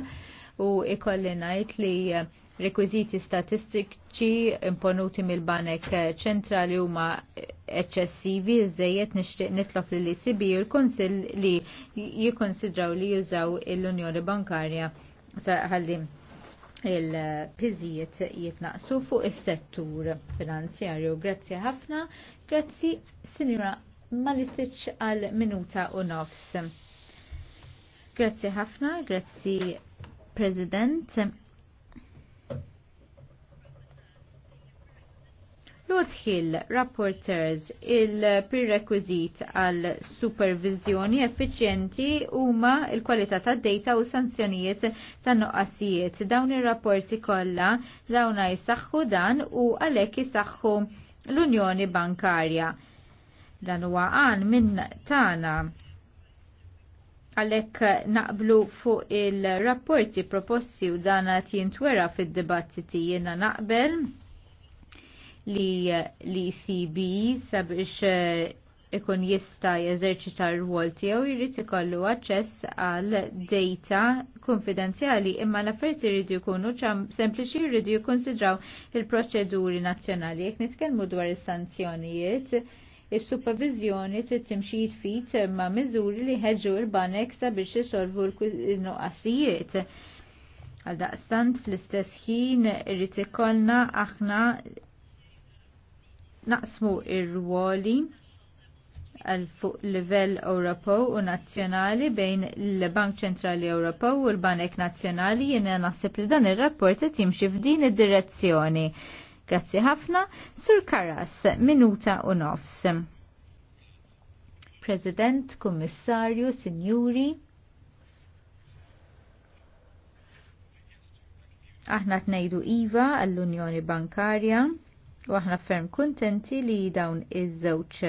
u ikolli ngħid li eh, rekwiziti statistiċi imponuti mill-Banek eh, ċentrali huma eċċessivi żejjed nixtieq nitlob li l e u l-Kunsill li jikkonsidraw li jużaw l-Unjoni Bankarja ħalli il-piżijiet jitnaqsu fuq is-settur finanzjarju. Grazzi ħafna, grazzi Sinira Malitic għal minuta u nofs. Grazzi ħafna, grazzi President. Lot Hill, rapporters, il-prerequisit għal supervizjoni effiċjenti huma il-kwalità tad data u sanzjonijiet ta' noqqasijiet. Dawn ir-rapporti kollha dawna jsaħħu dan u għalhekk jsaħħu l-Unjoni Bankarja. Dan huwa għan minn tagħna għalek naqblu fuq il-rapporti proposti u dana tjintwera fil-dibattiti jena naqbel li li CB sabiex eh, ikun jista jeżerċita r-rwol tiegħu jrid ikollu aċċess għal data konfidenzjali imma l-affarijiet iridu jkunu sempliċi jridu jikkonsidraw il-proċeduri nazzjonali jekk nitkellmu dwar is-sanzjonijiet Is-supervizjoni trid timxi jitfit ma' miżuri li ħeġġu l-banek sabiex isolvu l-nuqqasijiet. Għal daqstant fl-istess ħin irrid ikollna aħna naqsmu ir-ruoli għal fuq livell Ewropew u nazzjonali bejn il-Bank Ċentrali Ewropew u l-Banek Nazzjonali jiena naħseb li dan ir-rapport qed jimxi f'din id-direzzjoni. Grazzi ħafna, Sur Karas, minuta u nofs. President, Kummissarju, Sinjuri, aħna tnejdu IVA għall-Unjoni Bankarja u aħna ferm kuntenti li dawn iż-żewġ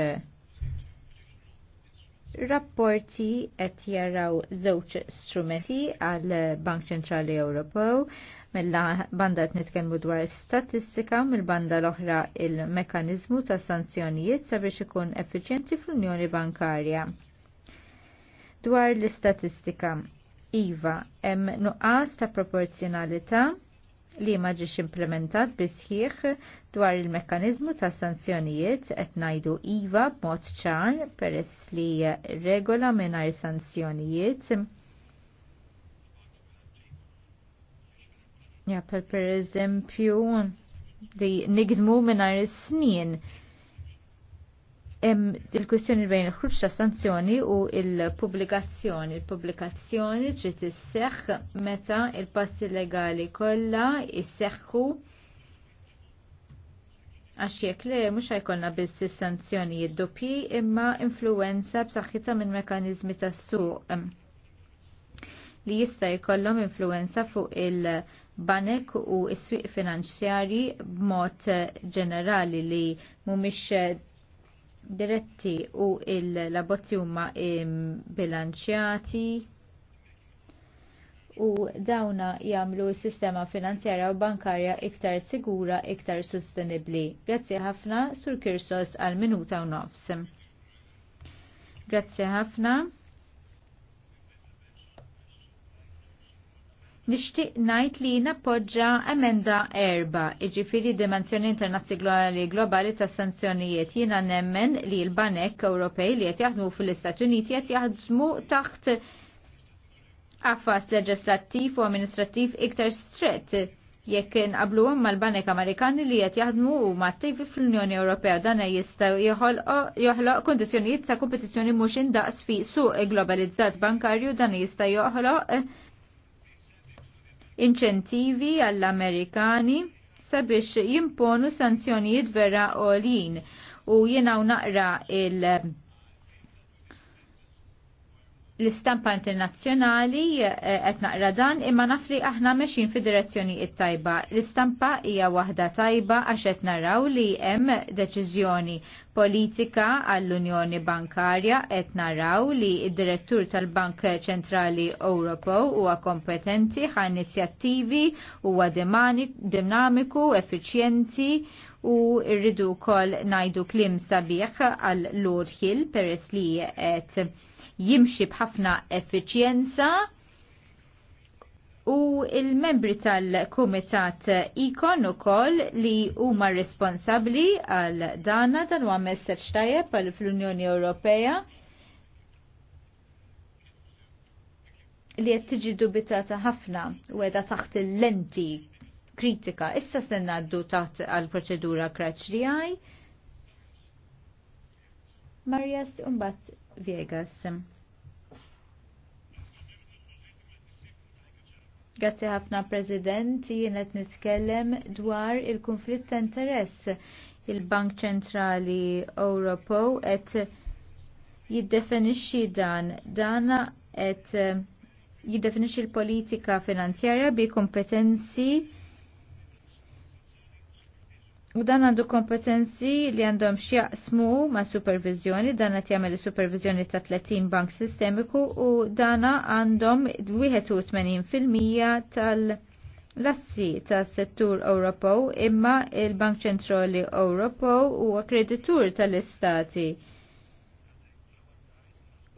rapporti qed jaraw żewġ strumenti għall Bank Ċentrali Ewropew Mella banda qed nitkellmu dwar statistika mill-banda l-oħra il-mekkaniżmu ta' sanzjonijiet sabiex ikun effiċjenti fl-Unjoni Bankarja. Dwar l-istatistika, iva hemm nuqqas ta' proporzjonalità li ma ġiex implementat bisħieħ dwar il-mekkanizmu ta' sanzjonijiet qed ngħidu iva b'mod ċar peress li regola mingħajr sanzjonijiet Jappel per eżempju li nigdmu minar is-snien. il-kwistjoni bejn il-ħruġ ta' sanzjoni u il-pubblikazzjoni. Il-pubblikazzjoni trid isseħħ meta il-passi legali kollha isseħħu għax jekk le mhux jkollna biss is-sanzjonijiet doppji imma influwenza b'saħħitha minn mekkaniżmi tas-suq li jista' jkollhom influenza fuq il-banek u s-swieq finanzjarji b'mod ġenerali li mhumiex diretti u l-abbozzi huma bilanċjati u dawna jagħmlu s-sistema finanzjarja u bankarja iktar sigura, iktar sostenibbli. Grazzi ħafna sur Kirsos għal minuta u nofs. Grazzi ħafna. Nixtieq ngħid li nappoġġa emenda erba, jiġifieri dimensjoni internazzjonali globali tas sanzjonijiet. Jiena nemmen li l-Banek Ewropej li qed jaħdmu fil istati Uniti qed jaħdmu taħt għaffas leġislattiv u amministrattiv iktar strett jekk inqablu mal-Banek Amerikani li qed jaħdmu huma attivi fl-Unjoni Ewropea dan jista' joħloq kondizzjonijiet ta' kompetizzjoni mhux indaqs fi suq globalizzat bankarju dan jista' joħloq inċentivi għall-Amerikani sabiex jimponu sanzjonijiet vera olin u jenaw naqra il- l-istampa internazzjonali eh, qed naqra dan imma naf li aħna mexin fi direzzjoni it-tajba. L-istampa hija waħda tajba għax qed naraw li hemm deċiżjoni politika għall-Unjoni Bankarja qed naraw li d-direttur tal-Bank Ċentrali Ewropo huwa kompetenti ħa inizjattivi huwa dinamiku, effiċjenti u rridu wkoll ngħidu kliem sabiħ għal Lord Hill peress li qed jimxi bħafna effiċjenza u il-membri tal-Kumitat ikon u koll li huma responsabli għal dana dan huwa messaġġ tajjeb fl-Unjoni Ewropea li qed tiġi dubitata ħafna u qiegħda taħt il-lenti kritika. Issa se ngħaddu taħt għal proċedura kraċ li Marjas, umbat Vegas. Grazie ħafna President, jien qed nitkellem dwar il-konflitt ta' interess. Il-Bank Ċentrali Ewropew qed jiddefinixxi dan. Dan qed jiddefinixxi l-politika finanzjarja bi kompetenzi U dan għandu kompetenzi li għandhom xjaqsmu ma' supervizjoni, dan għat jagħmel supervizjoni ta' 30 bank sistemiku u dana għandhom 81% tal- Lassi tas settur Ewropew imma il-Bank Ċentrali Ewropew huwa kreditur tal-istati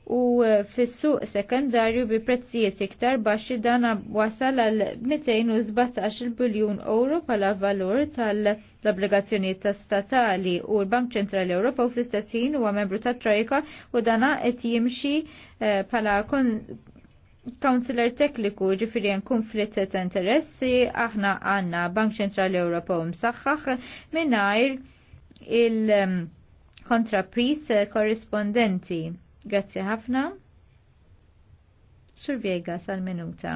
u eh, fis-suq sekundarju bi prezzijiet iktar baxxi dan wasal għal 217 biljun euro bħala valur tal-obbligazzjonijiet statali u l-Bank Ċentrali Ewropa u fl-istess ħin huwa membru tat Trojka u dana qed jimxi bħala eh, Counselor tekniku ġifiri għan konflitt ta' interessi, aħna għanna Bank Ċentrali u msaxħax minnajr il-kontrapris eh, korrispondenti. Grazzi ħafna. Sur Vega sal-minuta.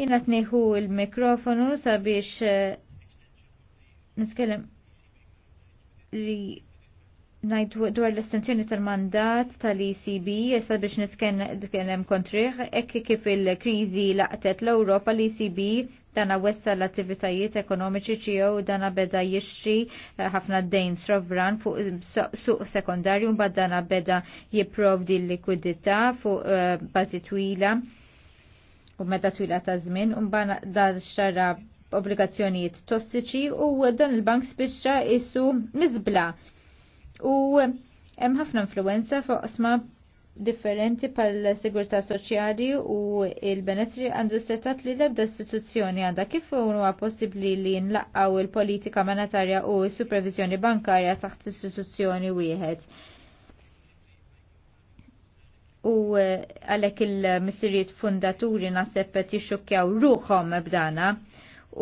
Jina tniħu il-mikrofonu sabiex eh, nitkellem li najd dwar l-estenzjoni tal-mandat tal-ECB jessa eh, biex nitkellem kontriħ, ekki kif il-krizi laqtet l-Europa l-ECB dana wessa l-attivitajiet ekonomiċi ċiju dana beda jixri eh, ħafna d-dejn sovran fuq eh, suq sekundarju mbad dana beda jiprovdi l-likwidità fuq eh, bazi twila u meta twila ta' żmien u mbagħad xara obbligazzjonijiet tossiċi u dan il-bank spiċċa isu miżbla u hemm ħafna influenza fuq sma differenti pal sigurtà soċjali u il-benessri għandu setat li lebda istituzzjoni għandha kif huwa possibbli li nlaqqaw il-politika monetarja u s-supervizjoni bankarja taħt istituzzjoni wieħed. U eh, għalhekk il-missirijiet fundaturi naħseb qed jixxukkjaw ruħhom b'dana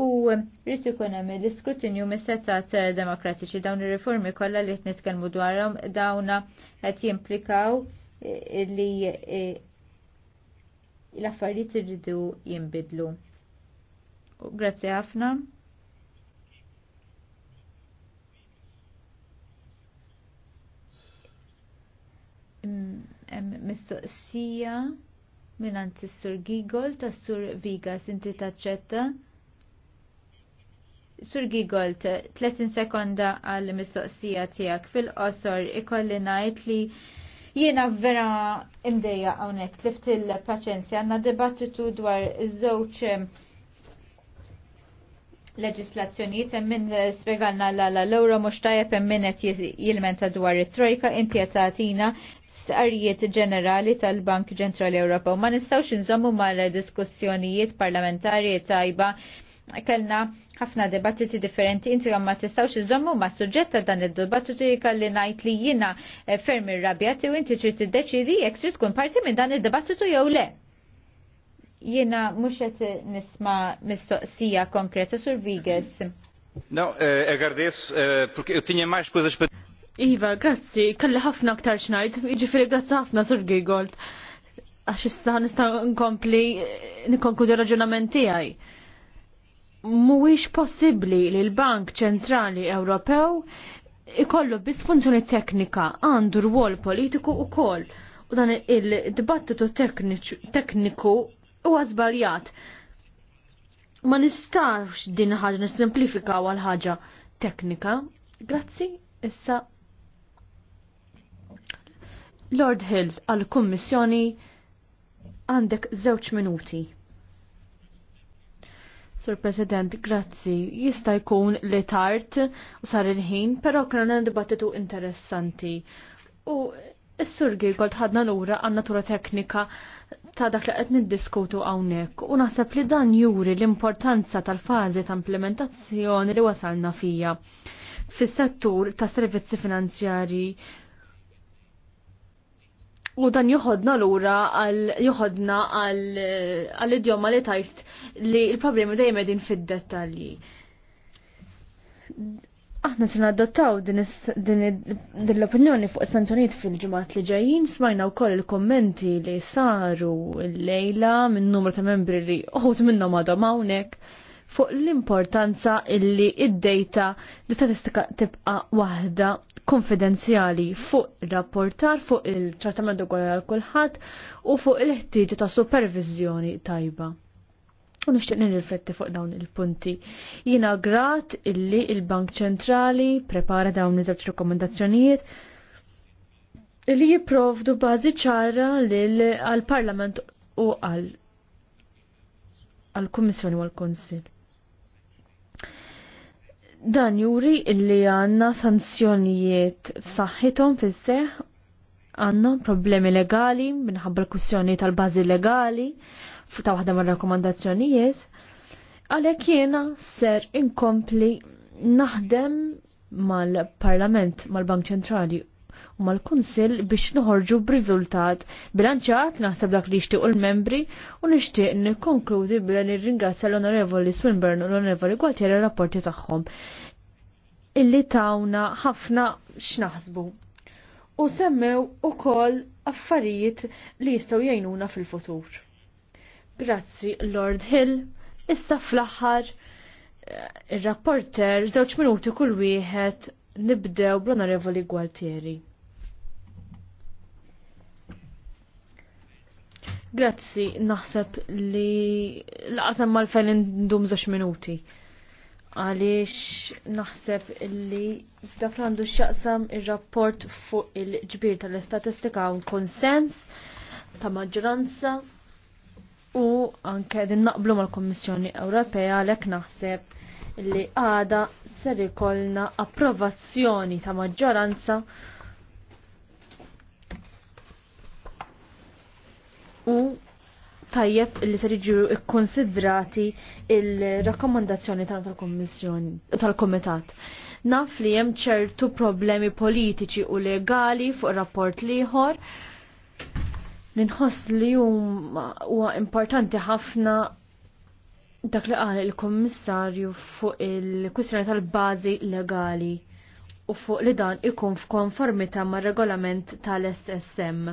u eh, rrit ikun hemm l-iskrutinju mis-setat eh, demokratiċi dawn ir-riformi kollha li qed nitkellmu dwarhom dawna qed jimplikaw li e, l-affarijiet irridu jinbidlu. Grazzi ħafna. Mistoqsija minn s sur Gigol s Sur Vigas inti taċċetta. Sur Gigol, 30 sekonda għall mistoqsija tiegħek fil-qosor ikolli ngħid li Jiena vera imdejja hawnhekk li il-paċenzja għandna dibattitu dwar iż-żewġ ehm, leġislazzjonijiet hemm min spjegalna la l-ewro mhux tajjeb hemm min qed jilmenta dwar it-trojka inti qed tagħtina stqarrijiet ġenerali tal-Bank Ċentrali Ewropew. Ma nistgħux inżommu mal-diskussjonijiet parlamentari tajba kellna ħafna debattiti differenti inti ma tistawx iżommu ma suġġetta dan id-dibattitu jkalli ngħid li jiena eh, ferm irrabjati u inti trid tiddeċidi jekk trid tkun parti minn dan id-dibattitu jew le. Jiena mhux qed nisma' mistoqsija konkreta sur Viges. No, eh, agradeço, eh, porque eu tinha mais coisas para Iva, grazzi, kalli ħafna aktar xnajt, fili grazzi ħafna sur Gigold. Għax issa nista' nkompli nkonkludi raġunament tiegħi mhuwiex possibbli li l-Bank Ċentrali Ewropew ikollu biss funzjoni teknika għandu rwol politiku ukoll u dan il-dibattitu tekniku huwa żbaljat. Ma nistax din ħaġa nisimplifika għal ħaġa teknika. Grazzi, issa Lord Hill għall kummissjoni għandek żewġ minuti. Sur President, grazzi. Jista' jkun li tard u sar il-ħin, però kellna dibattitu interessanti. U s-sur tħadna ħadna lura għan natura teknika ta' dak li qed niddiskutu hawnhekk u naħseb li dan juri l-importanza tal-fażi ta' implementazzjoni li wasalna fija fis-settur ta' servizzi finanzjari U dan joħodna lura għal joħodna għall idjoma li tajt li il-problemi dejjem edin fid-dettalji. Aħna se nadottaw din l-opinjoni fuq sanzjonijiet fil-ġimgħat li ġejjin smajna wkoll il-kommenti li saru l-lejla minn numru ta' membri li uħut minnhom għadhom hawnhekk fuq l-importanza illi id-data l-istatistika tibqa waħda konfidenzjali fuq il-rapportar, fuq il-trattament ukoll għal kulħadd u fuq il-ħtieġa ta' supervizjoni tajba. U nixtieq nirrifletti fuq dawn il-punti. Jiena grat illi il-Bank Ċentrali prepara dawn iż-żewġ rekomendazzjonijiet illi jipprovdu bażi ċara għal-Parlament u għal għal-Kummissjoni u għal-Konsil. Dan juri illi għanna sanzjonijiet f'saħħithom fis-seħ għanna problemi legali minħabba l-kwissjoni tal-bażi legali ta' waħda mar rakkomandazzjonijiet għalhekk jiena ser inkompli naħdem mal-Parlament, mal-Bank Ċentrali u mal-Kunsill biex noħorġu b'riżultat bilanċat naħseb dak li jixtiequ l-membri u nixtieq nikkonkludi bilha nirringrazzja l-Onorevoli Swinburne u l-Onorevoli Gualtieri rapporti tagħhom illi tawna ħafna x'naħsbu. U semmew ukoll affarijiet li jistgħu jgħinuna fil-futur. Grazzi Lord Hill, issa fl-aħħar eh, ir-rapporter żewġ minuti kull wieħed nibdew bl-Onorevoli Gualtieri. Grazzi, naħseb li laqsam mal-fejn indum zax minuti. Għaliex naħseb li dak għandu xaqsam il-rapport fuq il-ġbir tal-istatistika un konsens ta' maġġoranza u anke din naqblu mal-Kommissjoni Ewropea għalhekk naħseb li għada ser ikollna approvazzjoni ta' maġġoranza u tajjeb li ser jiġu ikkonsidrati il-rakkomandazzjoni tal-Kommissjoni tal-Komitat. Naf li hemm ċertu problemi politiċi u legali fuq rapport liħor li nħoss li huwa importanti ħafna dak li qal il kummissarju fuq il-kwistjoni tal-bażi legali u fuq li dan ikun f'konformità mar-regolament tal-SSM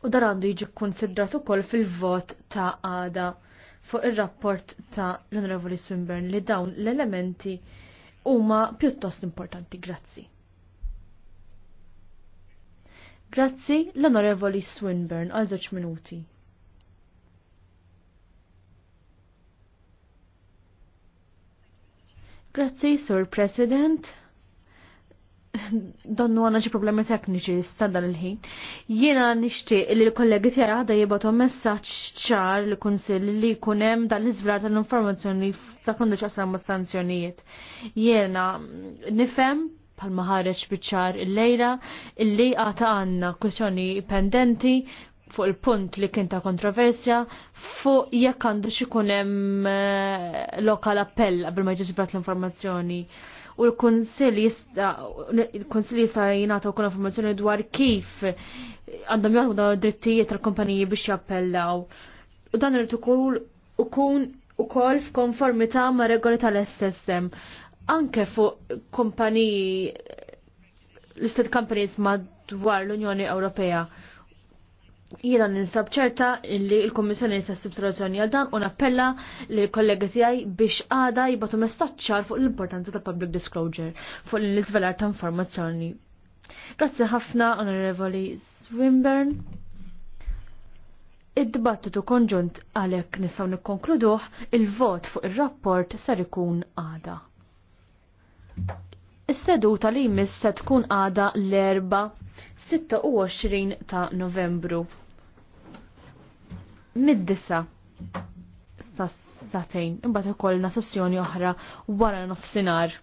u dar għandu jiġi konsidrat ukoll fil-vot ta' għada fuq ir-rapport ta' l-Onorevoli Swinburne li dawn l-elementi huma pjuttost importanti. Grazzi. Grazzi l-Onorevoli Swinburne għal żewġ minuti. Grazzi, Sur President donnu għana ġi problemi tekniċi s sadda il-ħin. Jiena nishti li l-kollegi tiegħi għadha jibgħatu messaġġ ċar li kunsill li jkun hemm dan l-iżvlar tal-informazzjoni ta' kundu ċasam ma' sanzjonijiet. Jiena nifhem pal maħareċ bieċar il-lejla illi għata għanna kwestjoni pendenti fuq il-punt li kien ta' kontroversja fuq jekk għandu xikunem hemm eh, lokal appell qabel ma jiġi l-informazzjoni u l-Konsil jista' jingħata wkoll informazzjoni dwar kif għandhom jagħtu dawn drittijiet tal-kumpaniji biex jappellaw. U dan irid ukoll ukun ukoll f'konformità ma' regoli tal-SSM. Anke fuq kumpaniji listed companies madwar l-Unjoni Ewropea Jiena ninsab ċerta li l kommissjoni se ssib soluzzjoni għal dan u nappella li l-kollegi tiegħi biex għada jibgħatu messaġġ fuq l-importanza ta' public disclosure fuq l-iżvelar ta' informazzjoni. Grazzi ħafna Onorevoli Swinburne. Id-dibattitu konġunt għalhekk nistgħu nikkonkluduh il-vot fuq ir-rapport ser ikun għada. Is-seduta li jmiss se tkun għada l-erba 26 ta' Novembru. Mid-disa sa' satejn, imbagħad ikollna sessjoni oħra wara nofsinhar.